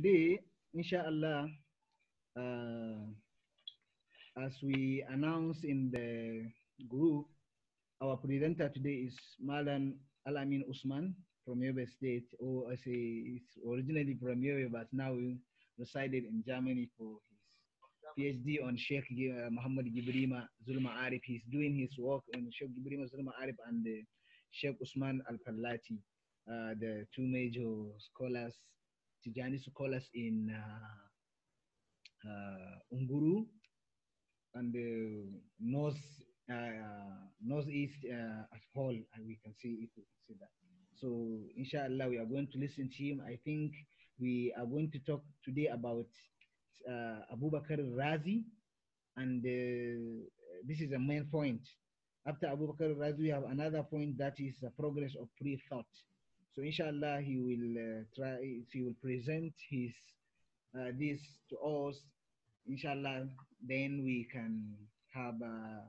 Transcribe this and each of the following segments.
today, inshallah, uh, as we announced in the group, our presenter today is Malan Alamin Usman from Yobe State, or oh, I say he's originally from Yobe, but now he resided in Germany for his PhD on Sheikh uh, Muhammad Gibrima Zulma Arif. He's doing his work on Sheikh Gibrima Zulma Arif and uh, Sheikh Usman Al Falati, uh, the two major scholars Tijani scholars in uh, uh, Unguru and the north uh, northeast at whole, and we can see if we can see that. So inshallah, we are going to listen to him. I think we are going to talk today about uh, Abu Bakr Razi, and uh, this is a main point. After Abu Bakr Razi, we have another point that is the progress of free thought. So inshallah, he will uh, try, he will present his, uh, this to us. Inshallah, then we can have uh,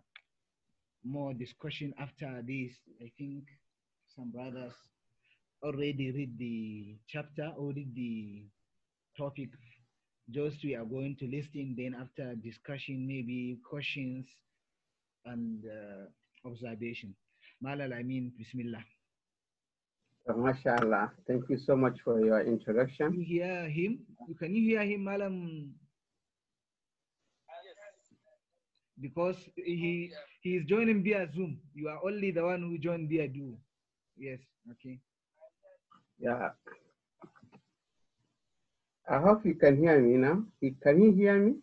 more discussion after this. I think some brothers already read the chapter or read the topic. Just we are going to listen. Then after discussion, maybe questions and uh, observation. Malal Amin, Bismillah. MashaAllah. Thank you so much for your introduction. Can you hear him? Can you hear him, Malam? Because he he is joining via Zoom. You are only the one who joined via Duo. Yes. Okay. Yeah. I hope you can hear me now. Can you hear me?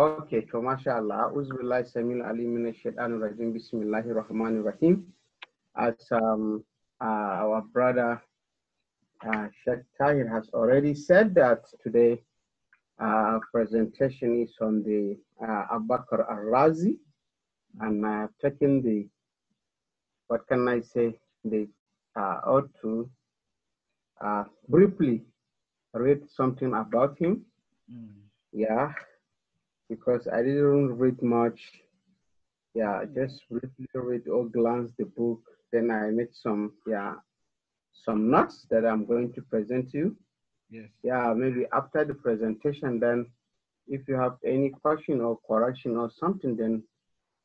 Okay, to mashallah. Uzbillah Samil Ali Minashaitan Rajim Bismillahir Rahmanir Rahim. As um, uh, our brother uh, Sheikh Tahir has already said that today uh, presentation is on the uh, Abakar Al-Razi and uh, taking the, what can I say, the uh, ought to uh, briefly read something about him. Mm. Yeah, because I didn't read much. Yeah, I just briefly read or glance the book. Then I made some yeah some notes that I'm going to present to you. Yes. Yeah, maybe after the presentation, then if you have any question or correction or something, then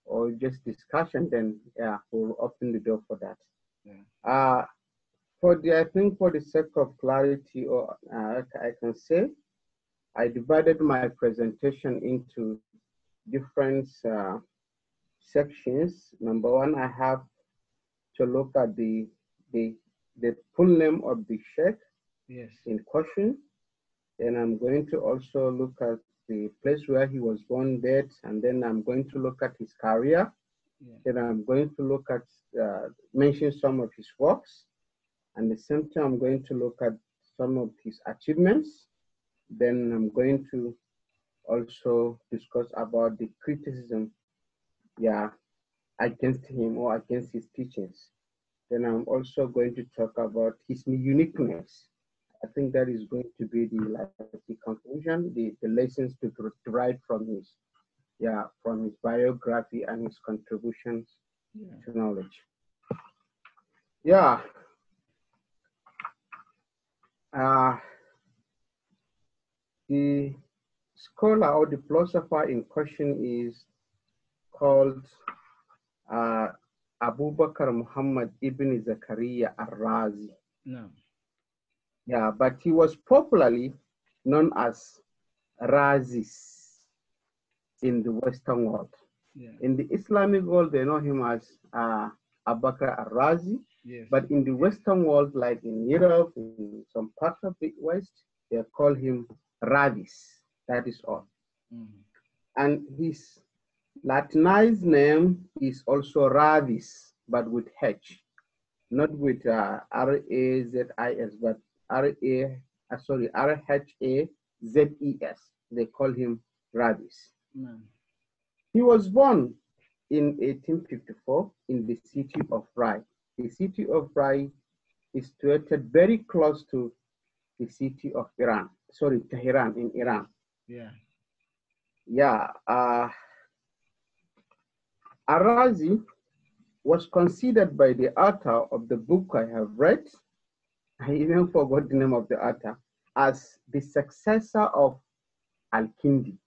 or just discussion, then yeah, we'll open the door for that. Yeah. Uh, for the I think for the sake of clarity, or uh, I can say I divided my presentation into different uh, sections. Number one, I have to look at the the the full name of the sheikh yes. in question. Then I'm going to also look at the place where he was born, dead, and then I'm going to look at his career. Yeah. Then I'm going to look at uh, mention some of his works, and the same time I'm going to look at some of his achievements. Then I'm going to also discuss about the criticism, yeah, against him or against his teachings. Then I'm also going to talk about his uniqueness. I think that is going to be the like the conclusion, the, the lessons to derive from his, yeah, from his biography and his contributions yeah. to knowledge. Yeah. Uh, the scholar or the philosopher in question is called uh, Abu Bakr Muhammad ibn Zakaria al-Razi. No. Yeah, but he was popularly known as Razis in the Western world. Yeah. In the Islamic world, they know him as uh, Abu Bakr al-Razi. Yes. But in the Western world, like in Europe, in some parts of the West, they call him Ravis. That is all. Mm And his Latinized name is also Ravis, but with H, not with uh, R A Z I S, but R A, uh, sorry, R H A Z E S. They call him Ravis. Mm He was born in 1854 in the city of Rye. The city of Rye is situated very close to the city of Iran sorry, Tehran in Iran. Yeah. Yeah. Uh, Arazi was considered by the author of the book I have read, I even forgot the name of the author, as the successor of Al-Kindi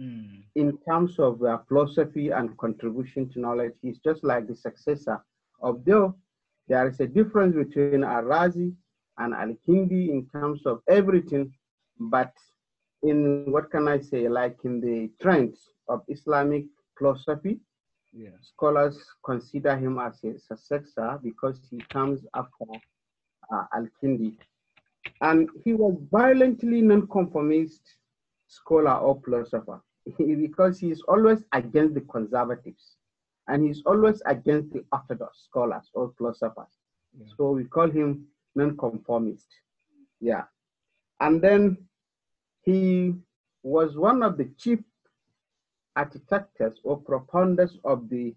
mm. in terms of uh, philosophy and contribution to knowledge. He's just like the successor, although there is a difference between Arazi and Al-Kindi in terms of everything but in what can I say, like in the trends of Islamic philosophy, yeah. scholars consider him as a successor because he comes after uh, Al-Kindi. And he was violently nonconformist scholar or philosopher because he is always against the conservatives and he's always against the orthodox scholars or philosophers. Yeah. So we call him nonconformist. Yeah. And then he was one of the chief architects or propounders of the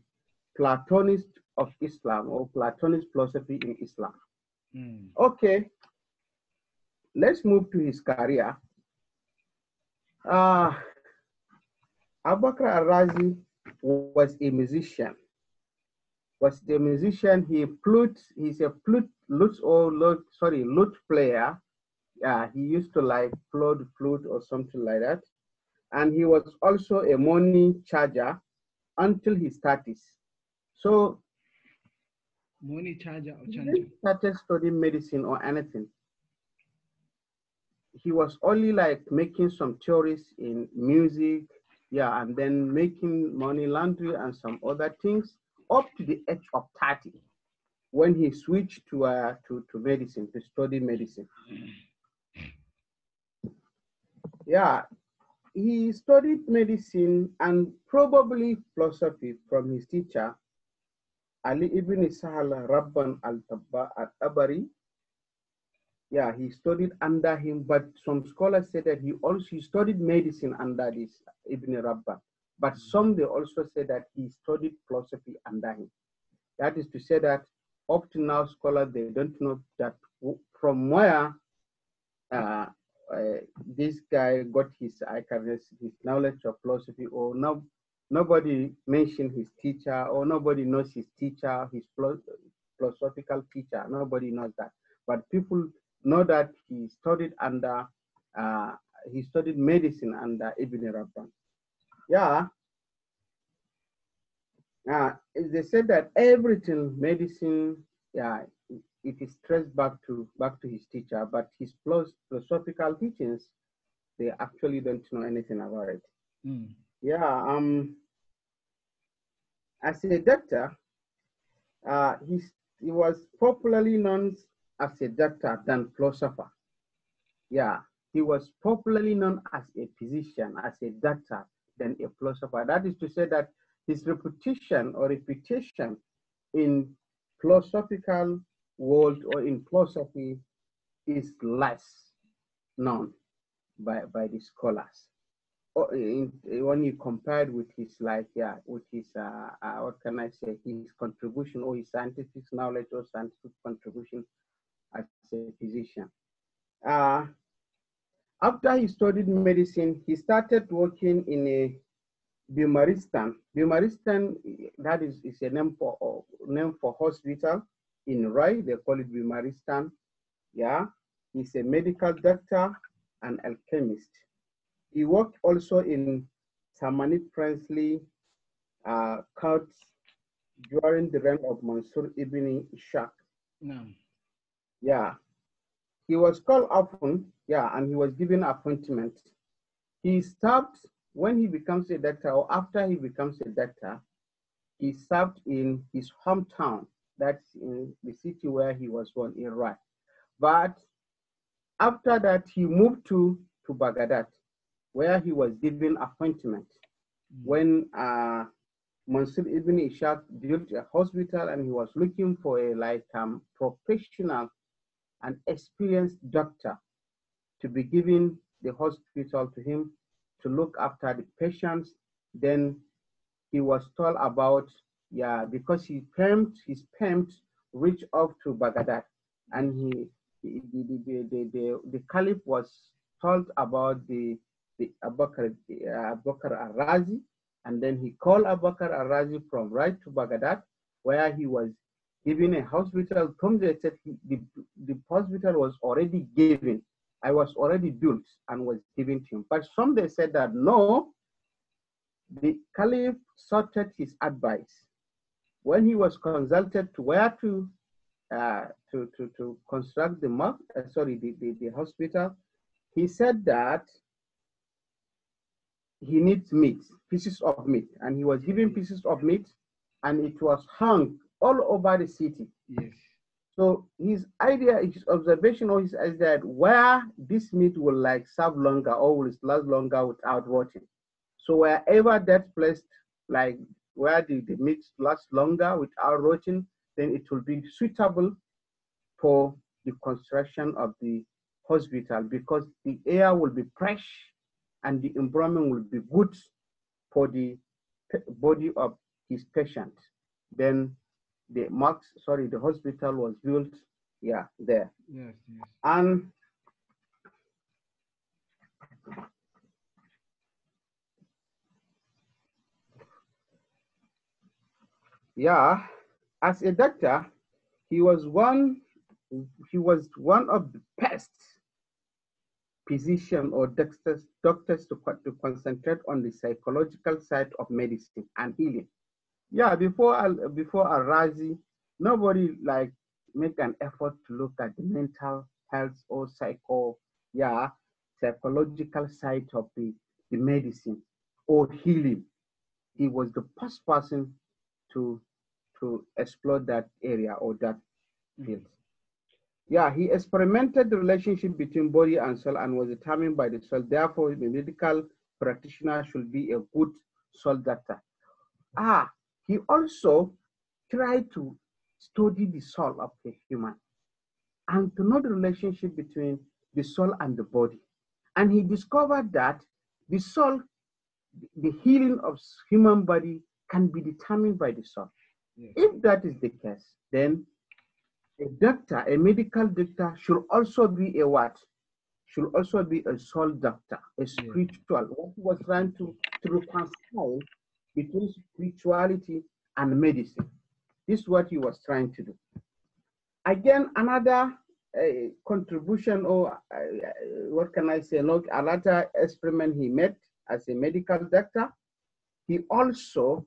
Platonist of Islam or Platonist philosophy in Islam. Mm. Okay, let's move to his career. Uh, ah, Abakr Arazi was a musician. Was a musician. He flute. He's a flute, lute or lute, sorry, lute player yeah, uh, he used to like flood flute or something like that. And he was also a money charger until his 30s. So money charger or charger? He started studying medicine or anything. He was only like making some theories in music, yeah, and then making money laundry and some other things up to the age of 30 when he switched to, uh, to, to medicine, to study medicine. Mm. Yeah, he studied medicine and probably philosophy from his teacher, Ali ibn Sahal Rabban al-Tabari. Yeah, he studied under him, but some scholars say that he also studied medicine under this Ibn Rabban. But mm. some they also say that he studied philosophy under him. That is to say that up to now, scholars they don't know that from where uh, uh, this guy got his I can his knowledge of philosophy, or no, nobody mentioned his teacher, or nobody knows his teacher, his philosophical teacher. Nobody knows that, but people know that he studied under uh, he studied medicine under Ibn Rabban. Yeah. Now, they said that everything medicine, yeah, it is traced back to back to his teacher, but his philosophical teachings, they actually don't know anything about it. Mm. Yeah. Um. As a doctor, uh, he he was popularly known as a doctor than philosopher. Yeah, he was popularly known as a physician, as a doctor than a philosopher. That is to say that his reputation or reputation in philosophical world or in philosophy is less known by, by the scholars. Or in, when you compared with his life, yeah, with his uh, uh, what can I say, his contribution or his scientific knowledge or scientific contribution as a physician. Uh, after he studied medicine, he started working in a Bimaristan. Bimaristan, that is, is a name for name for hospital in Rai. They call it Bimaristan. Yeah, he's a medical doctor and alchemist. He worked also in Samanid princely uh, court during the reign of Mansur ibn Ishaq. No. Yeah. He was called often. yeah, and he was given appointment. He served when he becomes a doctor or after he becomes a doctor, he served in his hometown that's in uh, the city where he was born, in Iraq. But after that, he moved to, to Baghdad, where he was given appointment. Hmm. When uh, Mansur ibn Ishaq built a hospital and he was looking for a like um, professional and experienced doctor to be given the hospital to him to look after the patients. Then he was told about yeah, because he pimped, his pimped reached up to Baghdad and he, the, the, the, the, the caliph was told about the, the Abu Bakr, uh, Abu and then he called Abu Arazi from right to Baghdad where he was given a hospital from the said the, the hospital was already given I was already built and was given to him. But some they said that no, the caliph sought his advice when he was consulted to where to, uh, to, to, to construct the uh, sorry, the, the, the hospital, he said that he needs meat, pieces of meat. And he was given pieces of meat and it was hung all over the city. Yes. So his idea, his observation or his idea that where this meat will like serve longer or will last longer without rotting. So wherever that placed, like where the, the meat lasts longer without rotting, then it will be suitable for the construction of the hospital because the air will be fresh and the environment will be good for the body of his patient. Then the marks, sorry, the hospital was built, yeah, there. Yes, yes. And Yeah, as a doctor, he was one he was one of the best physicians or doctors, doctors to, to concentrate on the psychological side of medicine and healing. Yeah, before before Arazi, nobody like make an effort to look at the mental health or psycho, yeah, psychological side of the, the medicine or healing. He was the first person to to explore that area or that mm. field. Yeah, he experimented the relationship between body and soul and was determined by the soul. Therefore, the medical practitioner should be a good soul doctor. Ah, he also tried to study the soul of the human and to know the relationship between the soul and the body. And he discovered that the soul, the healing of human body can be determined by the soul. Yes. If that is the case, then a doctor, a medical doctor, should also be a what? Should also be a soul doctor, a spiritual. What he was trying to, to reconcile between spirituality and medicine. This is what he was trying to do. Again, another uh, contribution, or uh, uh what can I say, not another experiment he met as a medical doctor, he also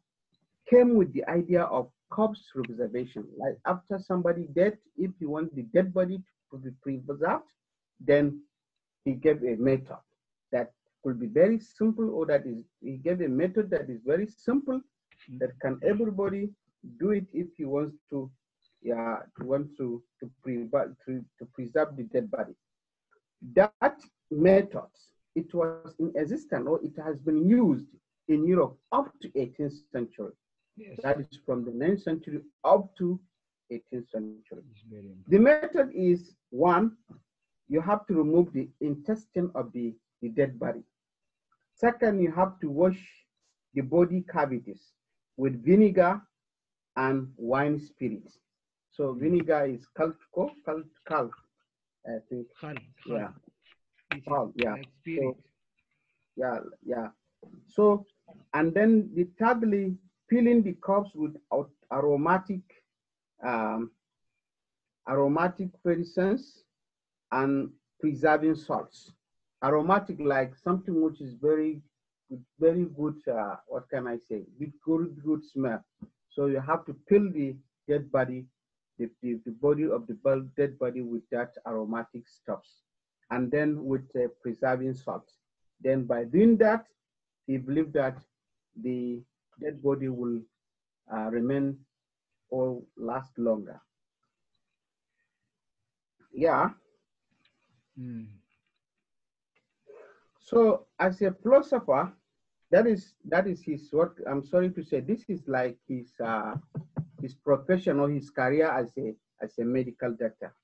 came with the idea of corpse preservation. Like after somebody dead, if you want the dead body to be preserved, then he gave a method that could be very simple or that is, he gave a method that is very simple that can everybody do it if he wants to, yeah, to want to, to, pre to, to preserve the dead body. That method, it was in existence or it has been used in Europe up to 18th century. Yes. That is from the 9th century up to 18th century. The method is one, you have to remove the intestine of the, the dead body. Second, you have to wash the body cavities with vinegar and wine spirits. So mm. vinegar is calc, calc, calc, I think. Calc, yeah. yeah. So, yeah, yeah. So, and then the thirdly, filling the cups with aromatic, um, aromatic, for and preserving salts. Aromatic, like something which is very, very good. Uh, what can I say? With good, good smell. So you have to fill the dead body, the, the, the body of the dead body with that aromatic stuffs, and then with uh, preserving salts. Then by doing that, he believed that the dead body will uh, remain or last longer. Yeah. Mm. So as a philosopher, that is that is his what I'm sorry to say. This is like his uh, his profession or his career as a as a medical doctor.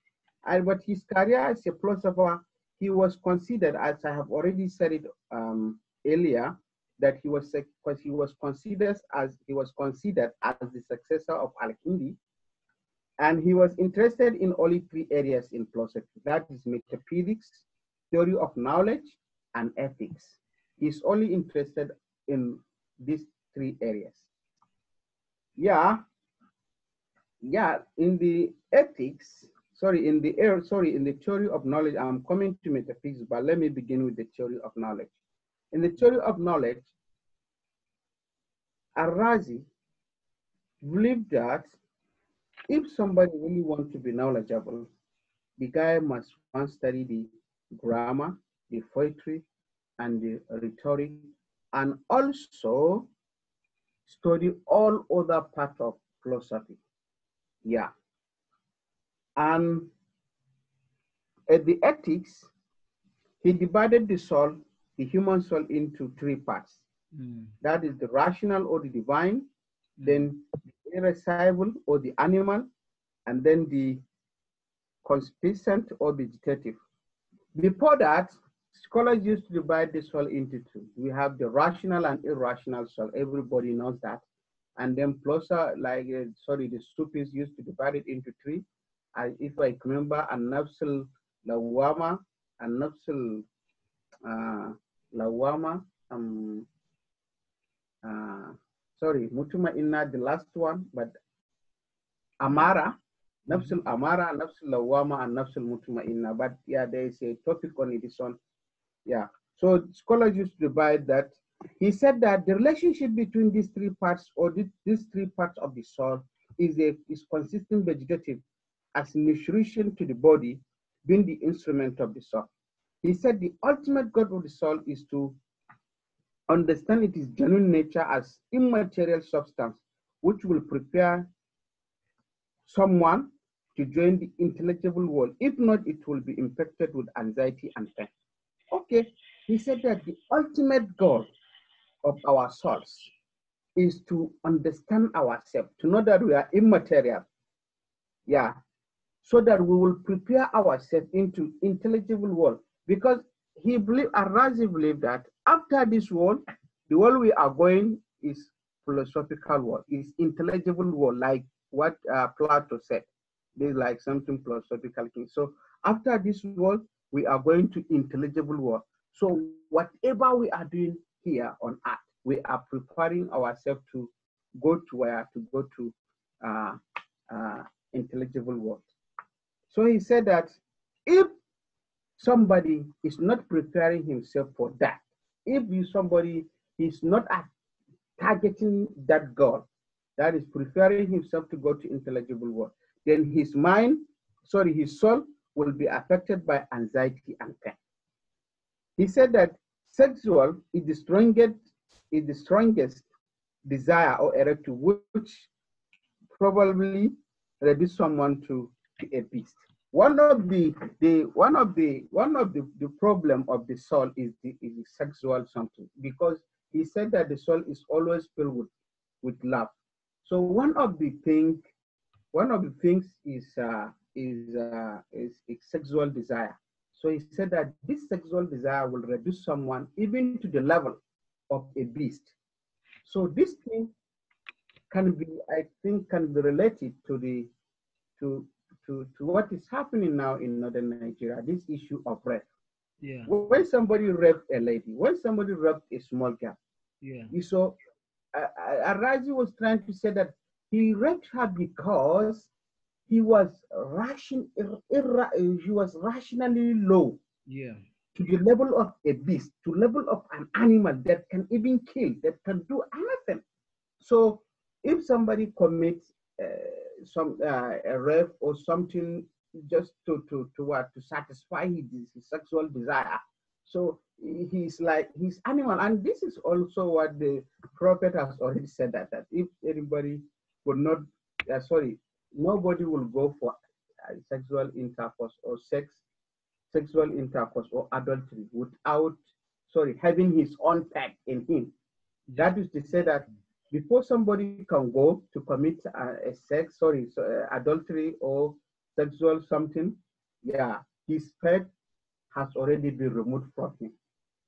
And but his career as a philosopher, he was considered, as I have already said it um, earlier, that he was because he was considered as he was considered as the successor of Al-Kindi, and he was interested in only three areas in philosophy: that is metaphysics, theory of knowledge, and ethics. He's only interested in these three areas. Yeah, yeah. In the ethics, sorry, in the er, sorry, in the theory of knowledge, I'm coming to metaphysics, but let me begin with the theory of knowledge. In the theory of knowledge, Arazi believed that if somebody really wants to be knowledgeable, the guy must first study the grammar, the poetry, and the rhetoric, and also study all other parts of philosophy. Yeah. And at the ethics, he divided the soul the human soul into three parts. Mm. That is the rational or the divine, hmm. then the irascible or the animal, and then the concupiscent or vegetative. Before that, scholars used to divide the soul into two. We have the rational and irrational soul. Everybody knows that. And then plus, like, uh, sorry, the sufis used to divide it into three. Uh, if I remember, a nafsul lawama, a nafsul uh, lawama, um, uh, sorry, mutuma inna, the last one, but amara, nafsul mm-hmm. amara, nafsul lawama, and nafsul mutuma inna. But yeah, there is a topic on it, Yeah. So scholars used to divide that. He said that the relationship between these three parts or these three parts of the soul is a is consistent vegetative as nutrition to the body being the instrument of the soul. He said the ultimate goal of the soul is to understand its genuine nature as immaterial substance, which will prepare someone to join the intelligible world. If not, it will be infected with anxiety and pain. Okay, he said that the ultimate goal of our souls is to understand ourselves, to know that we are immaterial. Yeah, so that we will prepare ourselves into intelligible world because he believed, Arazi believed that after this world, the world we are going is philosophical world, is intelligible world, like what uh, Plato said. This like something philosophical thing. So after this world, we are going to intelligible world. So whatever we are doing here on earth, we are preparing ourselves to go to where to go to uh, uh, intelligible world. So he said that if somebody is not preparing himself for that, if you somebody is not targeting that goal, that is preparing himself to go to intelligible world, then his mind, sorry, his soul will be affected by anxiety and pain. He said that sexual is the strongest, is the strongest desire or erective which probably reduce someone to, to a beast. One of the, the one of the one of the, the problem of the soul is the, is the sexual something because he said that the soul is always filled with, with love. So one of the thing, one of the things is uh, is, uh, is is sexual desire. So he said that this sexual desire will reduce someone even to the level of a beast. So this thing can be, I think, can be related to the to to, to what is happening now in northern Nigeria, this issue of rape. Yeah. When somebody raped a lady, when somebody raped a small girl, yeah. you saw uh, Arazi uh, was trying to say that he raped her because he was ration, he was rationally low. Yeah. To the level of a beast, to level of an animal that can even kill, that can do anything. So if somebody commits uh, some uh, a rape or something just to to to what to satisfy his, his sexual desire. So he's like he's animal, and this is also what the prophet has already said that that if anybody would not, uh, sorry, nobody will go for uh, sexual intercourse or sex, sexual intercourse or adultery without, sorry, having his own pact in him. That is to say that before somebody can go to commit a, a sex, sorry, so, uh, adultery or sexual something, yeah, his head has already been removed from him.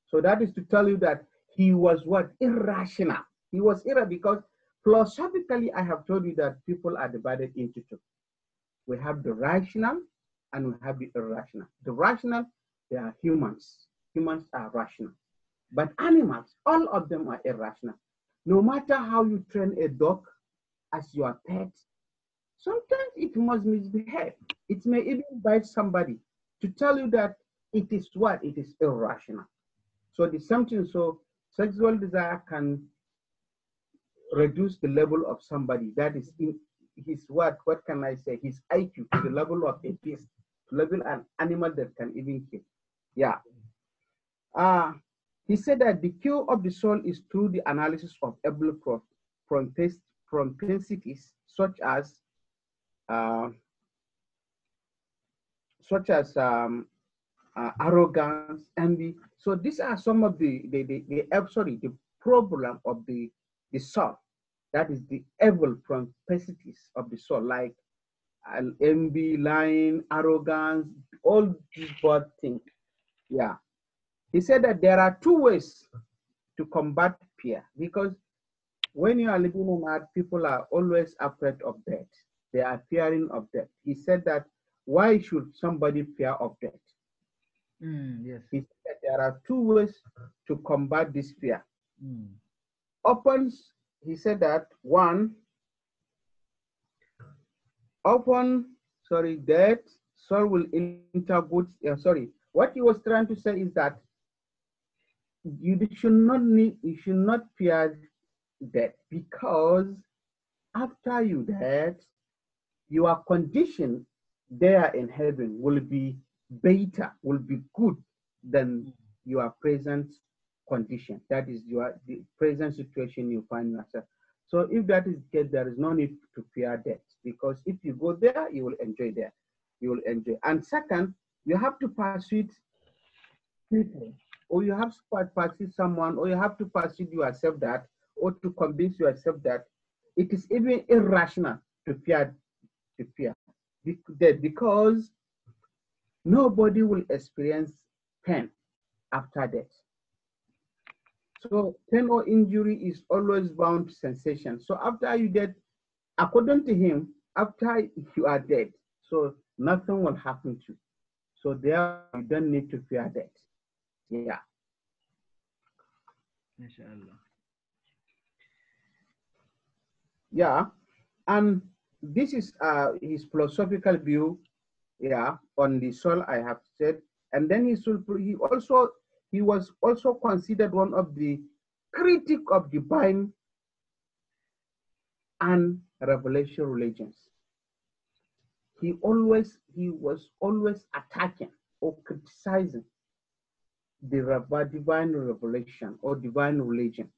So that is to tell you that he was what? Irrational. He was irrational because philosophically, I have told you that people are divided into two. We have the rational and we have the irrational. The rational, they are humans. Humans are rational. But animals, all of them are irrational. No matter how you train a dog as your pet, sometimes it must misbehave. It may even bite somebody to tell you that it is what? It is irrational. So the same thing, so sexual desire can reduce the level of somebody that is in his what what can I say his IQ to the level of a beast, to level an animal that can even kill. Yeah. Uh he said that the cure of the soul is through the analysis of able propensities such as uh, such as um, uh, arrogance, envy. So these are some of the the, the, the uh, sorry the problem of the the soul. That is the evil propensities of the soul, like uh, envy, lying, arrogance, all these bad things. Yeah. He said that there are two ways to combat fear because when you are living in art, people are always afraid of death. They are fearing of death. He said that why should somebody fear of death? Mm, yes. He said that there are two ways to combat this fear. Mm. Opens, he said that one, Open. sorry, death, soul will enter good, uh, sorry. What he was trying to say is that you should not need, you should not fear death because after you die, your condition there in heaven will be better, will be good than your present condition. That is your the present situation you find yourself. So if that is the case, there is no need to fear death because if you go there, you will enjoy there. You will enjoy. And second, you have to pursue people or you have to persuade someone, or you have to persuade yourself that, or to convince yourself that it is even irrational to fear, to fear, because nobody will experience pain after death. So pain or injury is always bound to sensation. So after you dead, according to him, after you are dead, so nothing will happen to you. So there you don't need to fear death. Yeah. Inshallah. Yeah. And um, this is uh, his philosophical view, yeah, on the soul I have said. And then he, he also he was also considered one of the critic of divine and revelation religions. He always he was always attacking or criticizing the divine revelation or divine religion.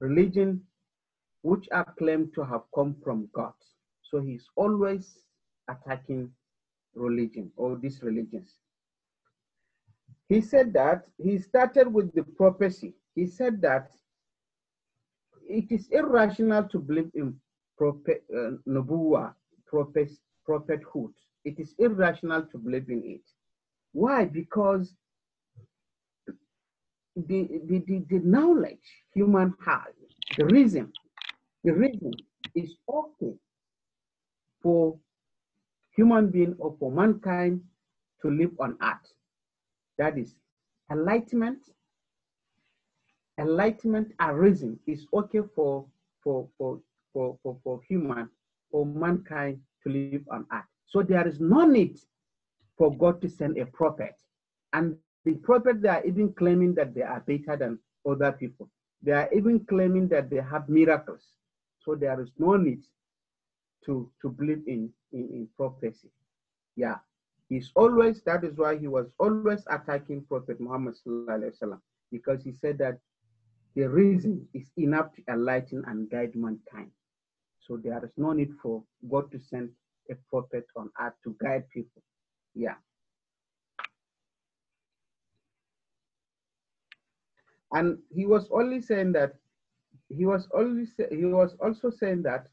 Religion which are claimed to have come from God. So he's always attacking religion or these religions. He said that he started with the prophecy. He said that it is irrational to believe in prophet, uh, Nubuwa, prophet, prophethood. It is irrational to believe in it. Why? Because the, the, the, the knowledge human has, the reason, the reason is okay for human being or for mankind to live on earth. That is enlightenment. Enlightenment and reason is okay for for for for for, for human or mankind to live on earth. So there is no need for God to send a prophet. And the prophets, they are even claiming that they are better than other people. They are even claiming that they have miracles. So there is no need to, to believe in, in, in prophecy. Yeah. He's always, that is why he was always attacking Prophet Muhammad wasallam because he said that the reason is enough to enlighten and guide mankind. So there is no need for God to send a prophet on earth to guide people. Yeah. And he was only saying that he was only he was also saying that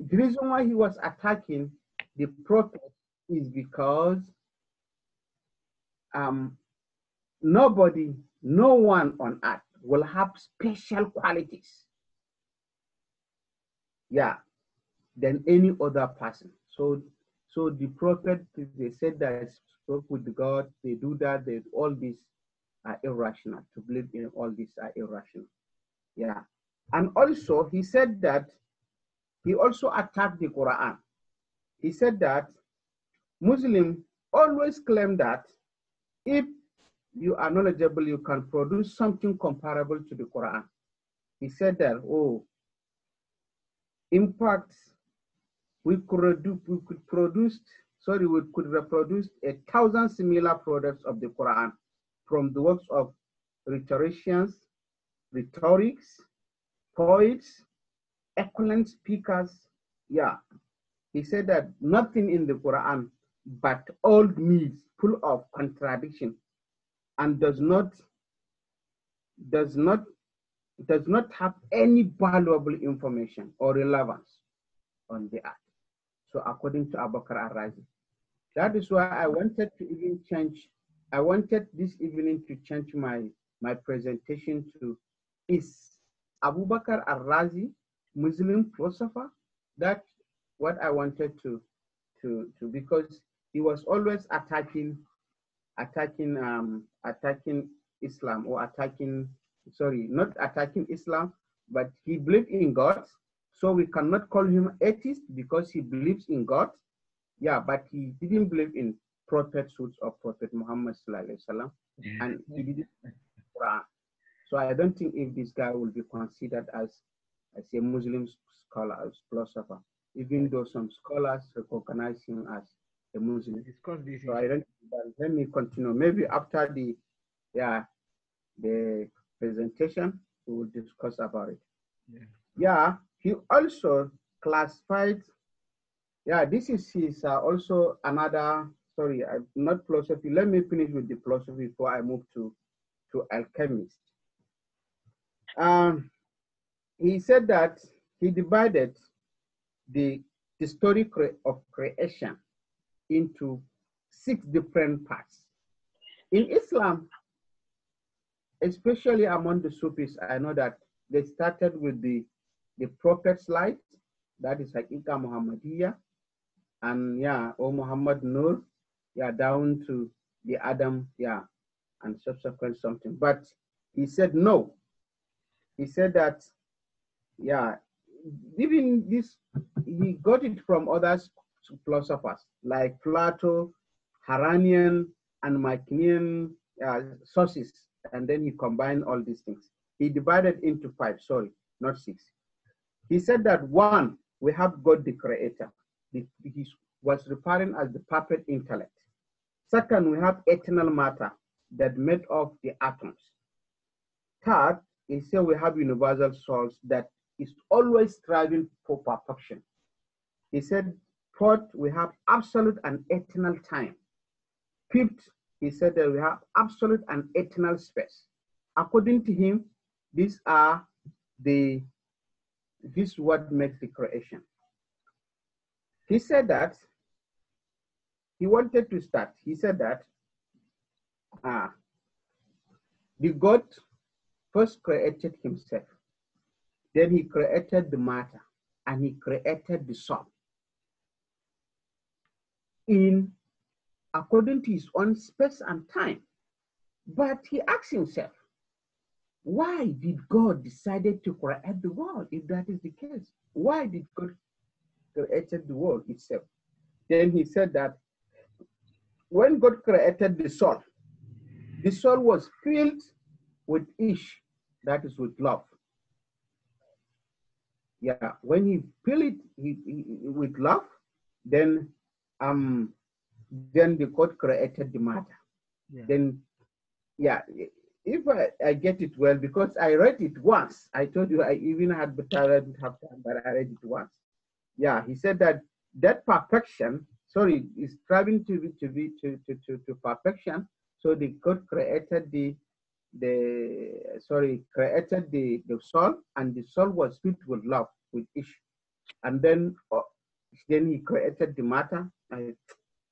the reason why he was attacking the prophet is because um, nobody, no one on earth will have special qualities. Yeah, than any other person. So, so the prophet they said that spoke with God. They do that. They all this are irrational. To believe in all these are irrational. Yeah. And also, he said that he also attacked the Quran. He said that Muslims always claim that if you are knowledgeable, you can produce something comparable to the Quran. He said that, oh, in fact, we could, we could produce, sorry, we could reproduce a thousand similar products of the Quran from the works of rhetoricians, rhetorics, poets, eloquent speakers. Yeah, he said that nothing in the Quran but old myths full of contradiction and does not does not does not have any valuable information or relevance on the earth. So according to Abu Bakr al-Razi. That is why I wanted to even change I wanted this evening to change my, my presentation to Is Bakr al-Razi Muslim philosopher? That's what I wanted to, to, to because he was always attacking, attacking, um, attacking Islam or attacking, sorry, not attacking Islam, but he believed in God. So we cannot call him atheist because he believes in God. Yeah, but he didn't believe in suits of Prophet Muhammad sallam, and he did Quran. So I don't think if this guy will be considered as, as a Muslim scholar, as philosopher, even though some scholars recognize him as a Muslim. Discuss this. So I don't, let me continue. Maybe after the, yeah, the presentation, we will discuss about it. Yeah, yeah he also classified, yeah, this is his uh, also another sorry, I'm not philosophy. Let me finish with the philosophy before I move to, to alchemist. Um, he said that he divided the, the story cre of creation into six different parts. In Islam, especially among the Sufis, I know that they started with the, the prophet's light, that is like Ika Muhammadiyah, and yeah, O Muhammad Nur, yeah, down to the Adam, yeah, and subsequent something. But he said no. He said that, yeah, even this, he got it from other philosophers like Plato, Haranian, and Mycenaean uh, sources, and then he combined all these things. He divided into five, sorry, not six. He said that one, we have God the Creator. He was referring as the perfect intellect. Second, we have eternal matter that made of the atoms. Third, is said we have universal souls that is always striving for perfection. He said, fourth, we have absolute and eternal time. Fifth, he said that we have absolute and eternal space. According to him, these are the this what makes the creation. He said that he wanted to start. He said that uh, the God first created himself, then he created the matter, and he created the sun. In according to his own space and time. But he asked himself, why did God decided to create the world if that is the case? Why did God created the world itself? Then he said that when God created the soul, the soul was filled with ish, that is with love. Yeah, when he fill it he, he, with love, then um, then the God created the matter. Yeah. Then, yeah, if I, I, get it well, because I read it once. I told you I even had, but I didn't have time, but I read it once. Yeah, he said that that perfection sorry, striving to be to be to, to, to, to perfection. So the God created the the sorry created the the soul, and the soul was filled with love with each, and then uh, then he created the matter. I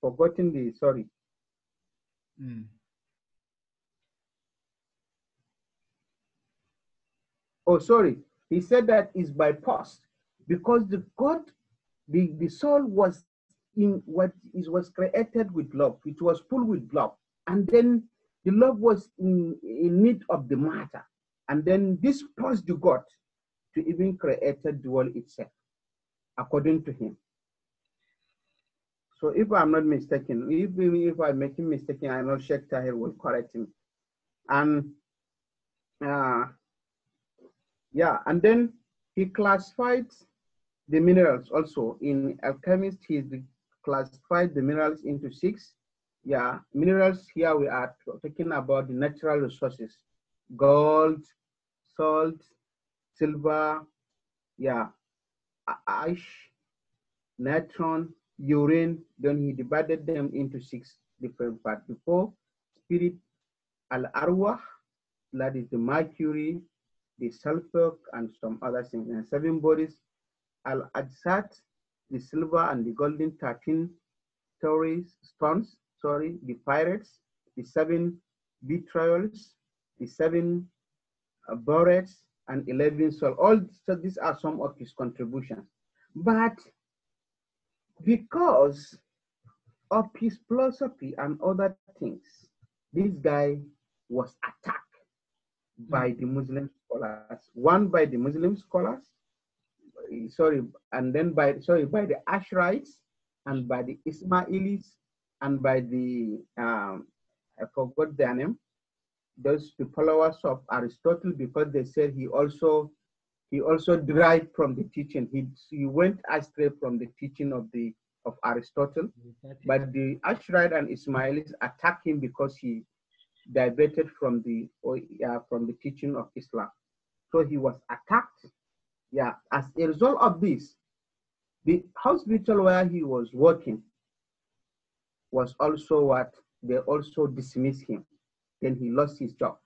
forgotten the sorry. Mm. Oh, sorry. He said that is by past because the God, the, the soul was in what is was created with love. which was full with love, and then the love was in, in need of the matter, and then this caused the God to even create the world itself, according to Him. So if I'm not mistaken, even if I'm making mistaken, I know Sheikh Tahir will correct me. And uh, yeah, and then he classified the minerals also in alchemist. He classified the minerals into six. Yeah, minerals here we are talking about the natural resources, gold, salt, silver, yeah, ash, natron, urine. Then he divided them into six different parts. Before, spirit, al-arwah, that is the mercury, the sulfur, and some other things. And seven bodies, al-ajsat, the silver and the golden 13 stories, stones, sorry, the pirates, the seven betrayals, the seven uh, and 11 so All so these are some of his contributions. But because of his philosophy and other things, this guy was attacked by hmm. the Muslim scholars. One by the Muslim scholars, sorry, and then by sorry by the Ashrites and by the Ismailis and by the um, I forgot their name. Those the followers of Aristotle because they said he also he also derived from the teaching. He he went astray from the teaching of the of Aristotle, but the Ashrite and Ismailis attacked him because he diverted from the uh, from the teaching of Islam. So he was attacked yeah, as a result of this, the hospital where he was working was also what they also dismissed him. Then he lost his job.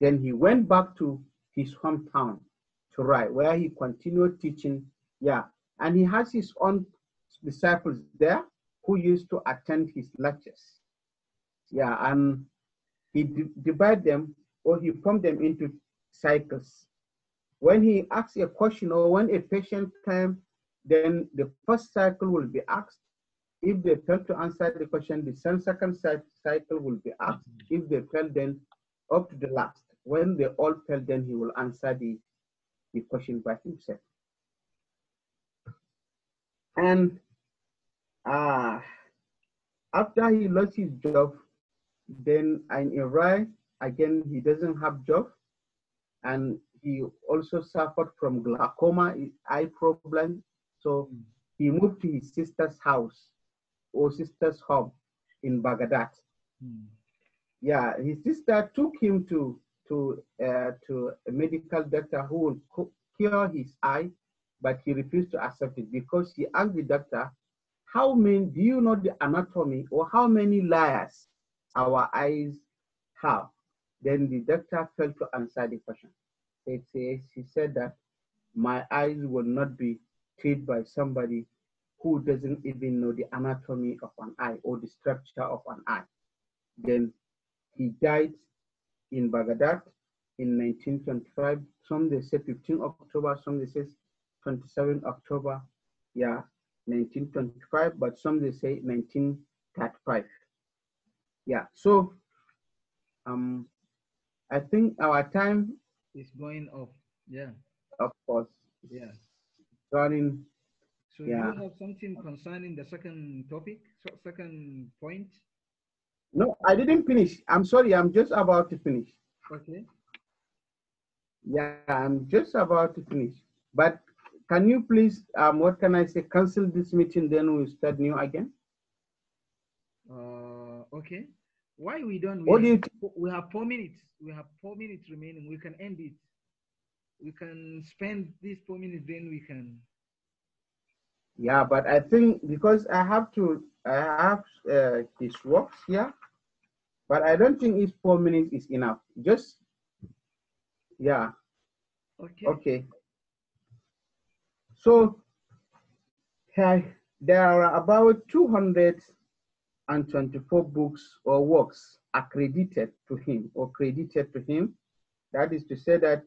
Then he went back to his hometown, to write, where he continued teaching. Yeah, and he has his own disciples there who used to attend his lectures. Yeah, and he divided them or he formed them into cycles. When he asks a question or when a patient comes, then the first cycle will be asked. If they fail to answer the question, the second cycle will be asked. If they fail, then up to the last. When they all fail, then he will answer the, the question by himself. And uh, after he lost his job, then in Iraq, again, he doesn't have job. And he also suffered from glaucoma, eye problem. So he moved to his sister's house or sister's home in Baghdad. Mm. Yeah, his sister took him to to uh, to a medical doctor who would cure his eye, but he refused to accept it because he asked the doctor, "How many do you know the anatomy or how many layers our eyes have?" Then the doctor failed to answer the question. 88, she said that my eyes will not be treated by somebody who doesn't even know the anatomy of an eye or the structure of an eye. Then he died in Baghdad in 1925. Some they say 15 October, some they say 27 October, yeah, 1925, but some they say 1935. Yeah, so um, I think our time it's going up. Yeah. Of course. Yeah. Turning. So yeah. you have something concerning the second topic, second point? No, I didn't finish. I'm sorry. I'm just about to finish. Okay. Yeah, I'm just about to finish. But can you please, um, what can I say, cancel this meeting, then we'll start new again? Uh, okay. Why we don't? We, do you we have four minutes. We have four minutes remaining. We can end it. We can spend these four minutes, then we can. Yeah, but I think because I have to, I have uh, this works here, but I don't think it's four minutes is enough. Just, yeah. Okay. Okay. So, uh, there are about 200 and 24 books or works accredited to him or credited to him. That is to say that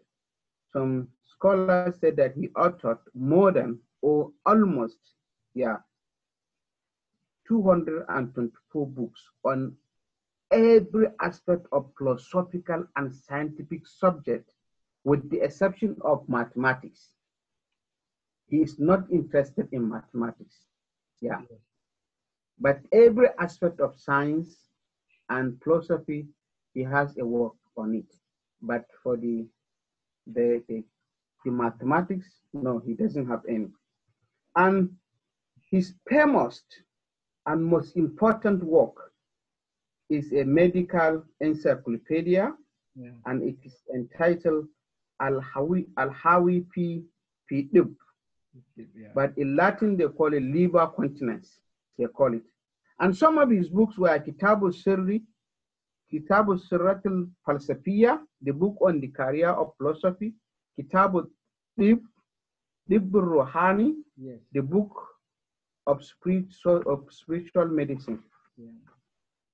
some scholars said that he authored more than or almost, yeah, 224 books on every aspect of philosophical and scientific subject with the exception of mathematics. He is not interested in mathematics. Yeah. But every aspect of science and philosophy, he has a work on it. But for the the, the, the mathematics, no, he doesn't have any. And his famous and most important work is a medical encyclopedia, yeah. and it is entitled Al-Hawi, Al-Hawi P. P. Yeah. But in Latin, they call it liver continence. They call it. And some of his books were Kitabu sirri Kitabu al-Sirrat al-Falsafiya, the book on the career of philosophy, Kitabu al-Tib, ruhani yes. the book of spiritual, of spiritual medicine. Yeah.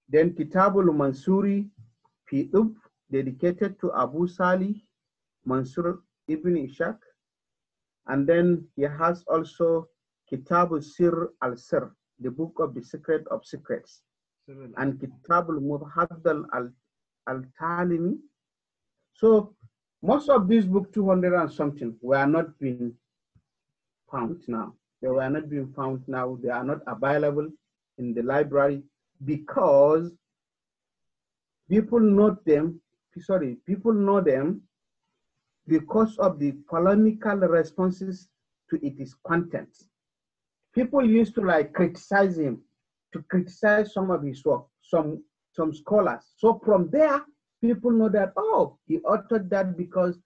Then Kitabu mansuri fi dedicated to Abu Salih, Mansur ibn Ishaq. And then he has also Kitabu sir al-Sir, the book of the secret of secrets, and Kitabul Muhaddal al Talimi. So most of these books, 200 and something, were not being found now. They were not being found now. They are not available in the library because people know them, sorry, people know them because of the polemical responses to its contents people used to like criticize him, to criticize some of his work, some some scholars. So from there, people know that oh, he uttered that because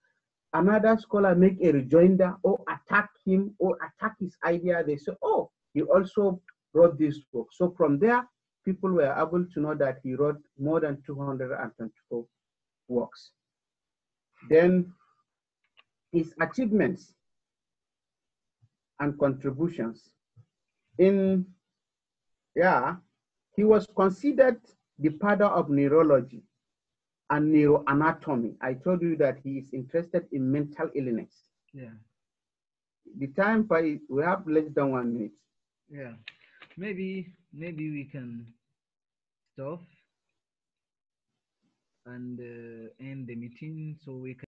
another scholar make a rejoinder or attack him or attack his idea. They say oh, he also wrote this book. So from there, people were able to know that he wrote more than 224 works. Then his achievements and contributions in yeah, he was considered the father of neurology and neuroanatomy. I told you that he is interested in mental illness. Yeah. The time by we have less than one minute. Yeah. Maybe maybe we can stop and uh, end the meeting so we can